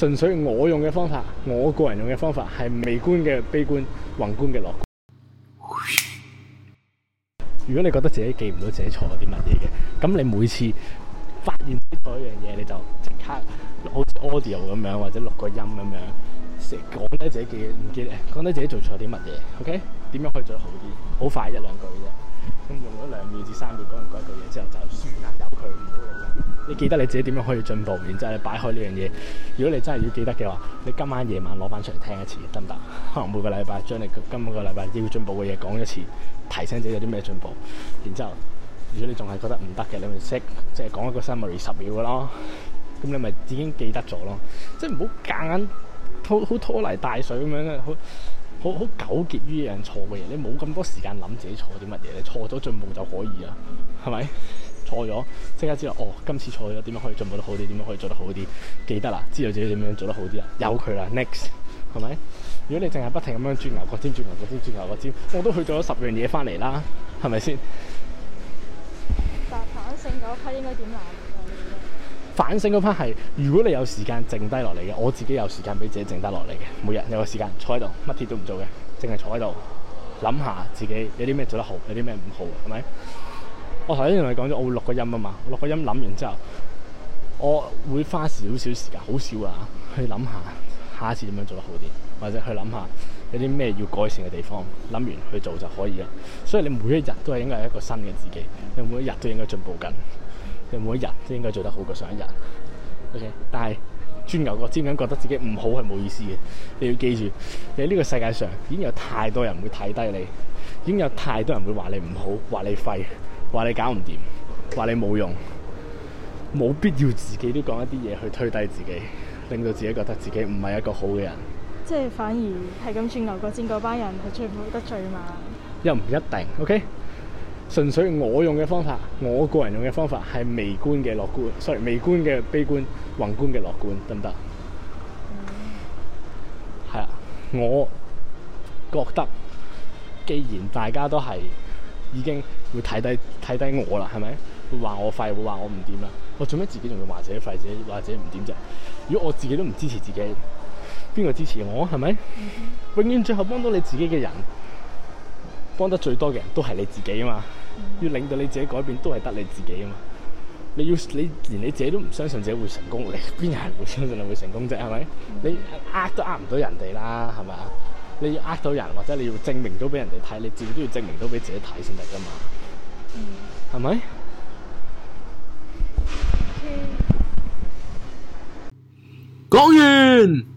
純粹我用嘅方法，我個人用嘅方法係微觀嘅悲觀，宏觀嘅樂觀。 如果你覺得自己記唔到自己錯咗啲乜嘢嘅，咁你每次發現錯一樣嘢，你就即刻好似 audio 咁樣，或者錄個音咁樣，成日講低自己記唔記，講低自己做錯啲乜嘢。OK，點樣可以做好啲？好快一兩句啫，咁用咗兩秒至三秒講完一句嘢之後就算啦，由佢唔好理。你記得你自己點樣可以進步，然之後擺開呢樣嘢。如果你真係要記得嘅話，你今晚夜晚攞翻出嚟聽一次得唔得？可能每個禮拜將你今個禮拜要進步嘅嘢講一次，提醒自己有啲咩進步。然之後，如果你仲係覺得唔得嘅，你咪識即即係講一個 summary 十秒嘅咯。咁你咪已經記得咗咯。即係唔好夾硬拖好拖泥帶水咁樣，好好好糾結於一樣錯嘅嘢。你冇咁多時間諗自己錯啲乜嘢，你錯咗進步就可以啊，係咪？錯咗，即刻知道哦！今次錯咗，點樣可以進步得好啲？點樣可以做得好啲？記得啦，知道自己點樣做得好啲啦，有佢啦。Next，係咪？如果你淨係不停咁樣轉牛角尖、轉牛角尖、轉牛，牛，牛，牛角尖，我都去做咗十樣嘢翻嚟啦，係咪先？但反省嗰 part 應該點啊？反省嗰 part 係，如果你有時間剩低落嚟嘅，我自己有時間俾自己剩低落嚟嘅，每日有個時間坐喺度，乜嘢都唔做嘅，淨係坐喺度諗下自己有啲咩做得好，有啲咩唔好，係咪？我頭先同你講咗，我會錄個音啊嘛。錄個音諗完之後，我會花少少時間，好少啊，去諗下下一次點樣做得好啲，或者去諗下有啲咩要改善嘅地方。諗完去做就可以啦。所以你每一日都係應該係一個新嘅自己，你每一日都應該進步緊，你每一日都應該做得好過上一日。O.K.，但係鑽牛角尖咁覺得自己唔好係冇意思嘅。你要記住，你喺呢個世界上已經有太多人會睇低你，已經有太多人會話你唔好，話你廢話。話你搞唔掂，話你冇用，冇必要自己都講一啲嘢去推低自己，令到自己覺得自己唔係一個好嘅人。即係反而係咁鑽牛角尖嗰班人，係最唔好得罪嘛。又唔一定，OK？純粹我用嘅方法，我個人用嘅方法係微觀嘅樂觀，sorry，微觀嘅悲觀，宏觀嘅樂觀，得唔得？係啊、嗯，我覺得既然大家都係。已經會睇低睇低我啦，係咪？會話我廢，會話我唔掂啦。我做咩自己仲要話自己廢，自己或者唔掂啫？如果我自己都唔支持自己，邊個支持我？係咪？Mm hmm. 永遠最後幫到你自己嘅人，幫得最多嘅人都係你自己啊嘛。Mm hmm. 要令到你自己改變都係得你自己啊嘛。你要你連你自己都唔相信自己會成功，邊有人會相信你會成功啫？係咪？Mm hmm. 你呃都呃唔到人哋啦，係咪啊？你要呃到人，或者你要證明到畀人哋睇，你自己都要證明到畀自己睇先得㗎嘛，係咪？講完。